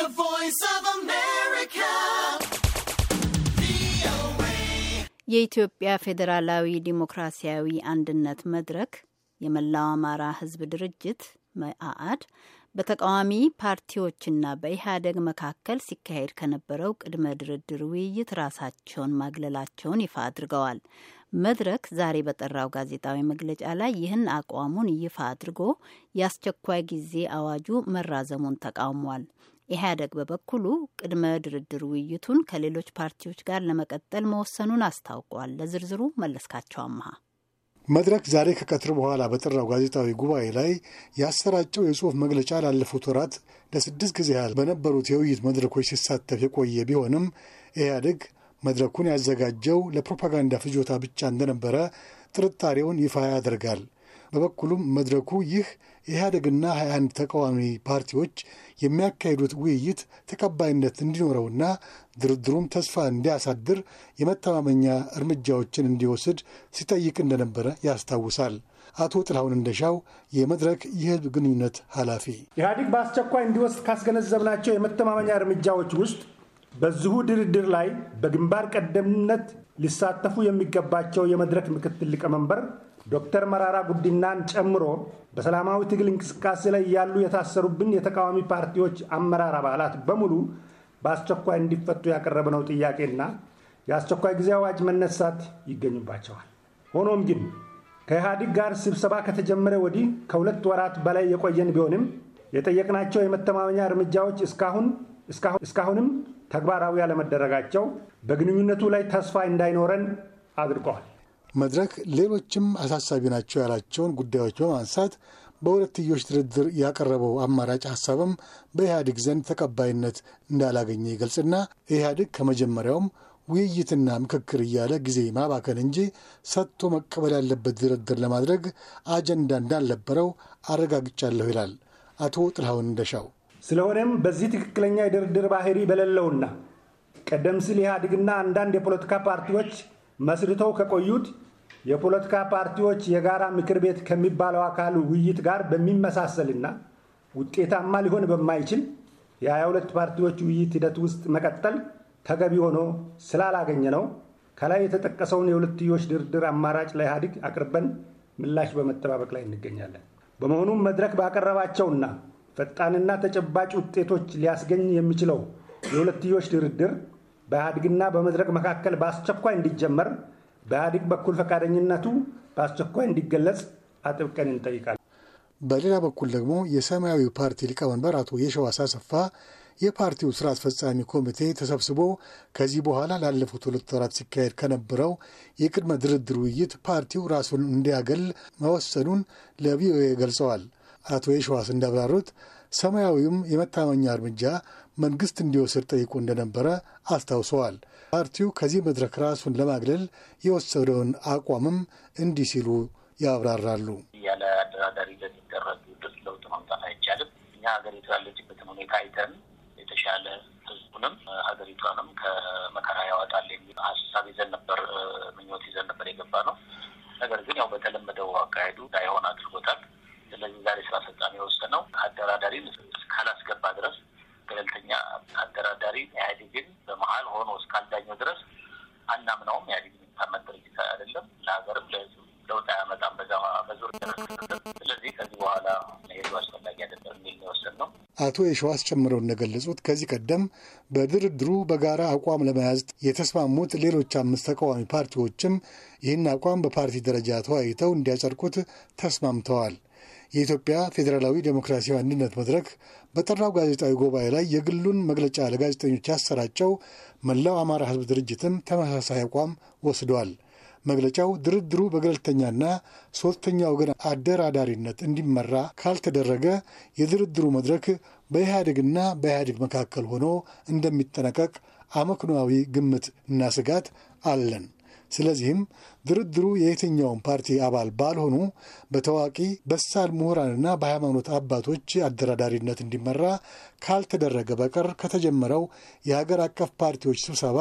The Voice of America. የኢትዮጵያ ፌዴራላዊ ዲሞክራሲያዊ አንድነት መድረክ የመላው አማራ ሕዝብ ድርጅት መአአድ በተቃዋሚ ፓርቲዎችና በኢህአደግ መካከል ሲካሄድ ከነበረው ቅድመ ድርድር ውይይት ራሳቸውን ማግለላቸውን ይፋ አድርገዋል። መድረክ ዛሬ በጠራው ጋዜጣዊ መግለጫ ላይ ይህን አቋሙን ይፋ አድርጎ የአስቸኳይ ጊዜ አዋጁ መራዘሙን ተቃውሟል። ኢህአደግ በበኩሉ ቅድመ ድርድር ውይይቱን ከሌሎች ፓርቲዎች ጋር ለመቀጠል መወሰኑን አስታውቋል። ለዝርዝሩ መለስካቸው አመሃ መድረክ ዛሬ ከቀትር በኋላ በጠራው ጋዜጣዊ ጉባኤ ላይ ያሰራጨው የጽሑፍ መግለጫ ላለፉት ወራት ለስድስት ጊዜ ያህል በነበሩት የውይይት መድረኮች ሲሳተፍ የቆየ ቢሆንም ኢህአደግ መድረኩን ያዘጋጀው ለፕሮፓጋንዳ ፍጆታ ብቻ እንደነበረ ጥርጣሬውን ይፋ ያደርጋል። በበኩሉም መድረኩ ይህ ኢህአደግና 21 ተቃዋሚ ፓርቲዎች የሚያካሂዱት ውይይት ተቀባይነት እንዲኖረውና ድርድሩም ተስፋ እንዲያሳድር የመተማመኛ እርምጃዎችን እንዲወስድ ሲጠይቅ እንደነበረ ያስታውሳል። አቶ ጥላሁን እንደሻው የመድረክ የህዝብ ግንኙነት ኃላፊ፣ ኢህአዲግ በአስቸኳይ እንዲወስድ ካስገነዘብናቸው የመተማመኛ እርምጃዎች ውስጥ በዚሁ ድርድር ላይ በግንባር ቀደምነት ሊሳተፉ የሚገባቸው የመድረክ ምክትል ሊቀመንበር ዶክተር መራራ ጉዲናን ጨምሮ በሰላማዊ ትግል እንቅስቃሴ ላይ ያሉ የታሰሩብን የተቃዋሚ ፓርቲዎች አመራር አባላት በሙሉ በአስቸኳይ እንዲፈቱ ያቀረብነው ጥያቄና የአስቸኳይ ጊዜ አዋጅ መነሳት ይገኙባቸዋል። ሆኖም ግን ከኢህአዲግ ጋር ስብሰባ ከተጀመረ ወዲህ ከሁለት ወራት በላይ የቆየን ቢሆንም የጠየቅናቸው የመተማመኛ እርምጃዎች እስካሁን እስካሁንም ተግባራዊ ያለመደረጋቸው በግንኙነቱ ላይ ተስፋ እንዳይኖረን አድርገዋል። መድረክ ሌሎችም አሳሳቢ ናቸው ያላቸውን ጉዳዮች በማንሳት በሁለትዮሽ ድርድር ያቀረበው አማራጭ ሀሳብም በኢህአዴግ ዘንድ ተቀባይነት እንዳላገኘ ይገልጽና ኢህአዴግ ከመጀመሪያውም ውይይትና ምክክር እያለ ጊዜ ማባከን እንጂ ሰጥቶ መቀበል ያለበት ድርድር ለማድረግ አጀንዳ እንዳልነበረው አረጋግጫለሁ ይላል አቶ ጥልሃውን እንደሻው። ስለሆነም በዚህ ትክክለኛ የድርድር ባህሪ በሌለውና ቀደም ሲል ኢህአዴግና አንዳንድ የፖለቲካ ፓርቲዎች መስርተው ከቆዩት የፖለቲካ ፓርቲዎች የጋራ ምክር ቤት ከሚባለው አካል ውይይት ጋር በሚመሳሰልና ውጤታማ ሊሆን በማይችል የ ሁለት ፓርቲዎች ውይይት ሂደት ውስጥ መቀጠል ተገቢ ሆኖ ስላላገኘ ነው ከላይ የተጠቀሰውን የሁለትዮሽ ድርድር አማራጭ ለኢህአዴግ አቅርበን ምላሽ በመጠባበቅ ላይ እንገኛለን። በመሆኑም መድረክ ባቀረባቸውና ፈጣንና ተጨባጭ ውጤቶች ሊያስገኝ የሚችለው የሁለትዮሽ ድርድር በኢህአዲግና በመድረክ መካከል በአስቸኳይ እንዲጀመር በኢህአዴግ በኩል ፈቃደኝነቱ በአስቸኳይ እንዲገለጽ አጥብቀን እንጠይቃለን። በሌላ በኩል ደግሞ የሰማያዊ ፓርቲ ሊቀመንበር አቶ የሸዋስ አሰፋ የፓርቲው ስራ አስፈጻሚ ኮሚቴ ተሰብስቦ ከዚህ በኋላ ላለፉት ሁለት ወራት ሲካሄድ ከነበረው የቅድመ ድርድር ውይይት ፓርቲው ራሱን እንዲያገል መወሰኑን ለቪኦኤ ገልጸዋል። አቶ የሸዋስ እንዳብራሩት ሰማያዊውም የመታመኛ እርምጃ መንግስት እንዲወስድ ጠይቆ እንደነበረ አስታውሰዋል። ፓርቲው ከዚህ መድረክ ራሱን ለማግለል የወሰደውን አቋምም እንዲህ ሲሉ ያብራራሉ። ያለ አደራዳሪ ለሚደረግ ድርቅ ለውጥ ማምጣት አይቻልም። እኛ ሀገሪቱ ያለችበትን ሁኔታ አይተን የተሻለ ህዝቡንም ሀገሪቷንም ከመከራ ያወጣል የሚል ሀሳብ ይዘን ነበር፣ ምኞት ይዘን ነበር የገባ ነው። ነገር ግን ያው በተለመደው አካሄዱ ዳይሆ አቶ የሸዋስ ጨምረው እንደገለጹት ከዚህ ቀደም በድርድሩ በጋራ አቋም ለመያዝ የተስማሙት ሌሎች አምስት ተቃዋሚ ፓርቲዎችም ይህን አቋም በፓርቲ ደረጃ ተወያይተው እንዲያጸድቁት ተስማምተዋል። የኢትዮጵያ ፌዴራላዊ ዴሞክራሲያዊ አንድነት መድረክ በጠራው ጋዜጣዊ ጉባኤ ላይ የግሉን መግለጫ ለጋዜጠኞች ያሰራጨው መላው አማራ ሕዝብ ድርጅትም ተመሳሳይ አቋም ወስዷል። መግለጫው ድርድሩ በገለልተኛና ሶስተኛ ወገን አደራዳሪነት እንዲመራ ካልተደረገ የድርድሩ መድረክ በኢህአዴግና በኢህአዴግ መካከል ሆኖ እንደሚጠናቀቅ አመክንዋዊ ግምት እና ስጋት አለን። ስለዚህም ድርድሩ የየትኛውን ፓርቲ አባል ባልሆኑ በታዋቂ በሳል ምሁራንና በሃይማኖት አባቶች አደራዳሪነት እንዲመራ ካልተደረገ በቀር ከተጀመረው የሀገር አቀፍ ፓርቲዎች ስብሰባ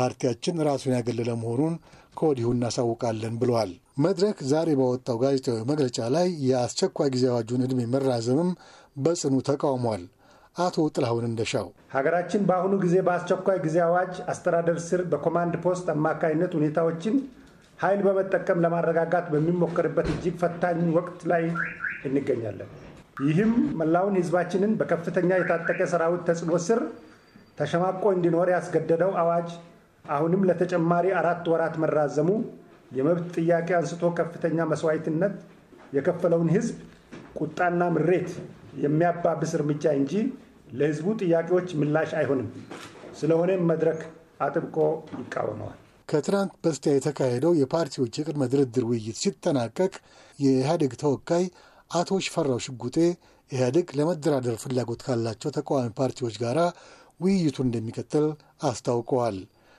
ፓርቲያችን ራሱን ያገለለ መሆኑን ከወዲሁ እናሳውቃለን ብለዋል። መድረክ ዛሬ ባወጣው ጋዜጣዊ መግለጫ ላይ የአስቸኳይ ጊዜ አዋጁን ዕድሜ መራዘምም በጽኑ ተቃውሟል። አቶ ጥላሁን እንደሻው ሀገራችን በአሁኑ ጊዜ በአስቸኳይ ጊዜ አዋጅ አስተዳደር ስር በኮማንድ ፖስት አማካኝነት ሁኔታዎችን ኃይል በመጠቀም ለማረጋጋት በሚሞከርበት እጅግ ፈታኝ ወቅት ላይ እንገኛለን። ይህም መላውን ሕዝባችንን በከፍተኛ የታጠቀ ሰራዊት ተጽዕኖ ስር ተሸማቆ እንዲኖር ያስገደደው አዋጅ አሁንም ለተጨማሪ አራት ወራት መራዘሙ የመብት ጥያቄ አንስቶ ከፍተኛ መስዋዕትነት የከፈለውን ህዝብ ቁጣና ምሬት የሚያባብስ እርምጃ እንጂ ለህዝቡ ጥያቄዎች ምላሽ አይሆንም። ስለሆነም መድረክ አጥብቆ ይቃወመዋል። ከትናንት በስቲያ የተካሄደው የፓርቲዎች የቅድመ ድርድር ውይይት ሲጠናቀቅ የኢህአዴግ ተወካይ አቶ ሽፈራው ሽጉጤ ኢህአዴግ ለመደራደር ፍላጎት ካላቸው ተቃዋሚ ፓርቲዎች ጋር ውይይቱ እንደሚቀጥል አስታውቀዋል።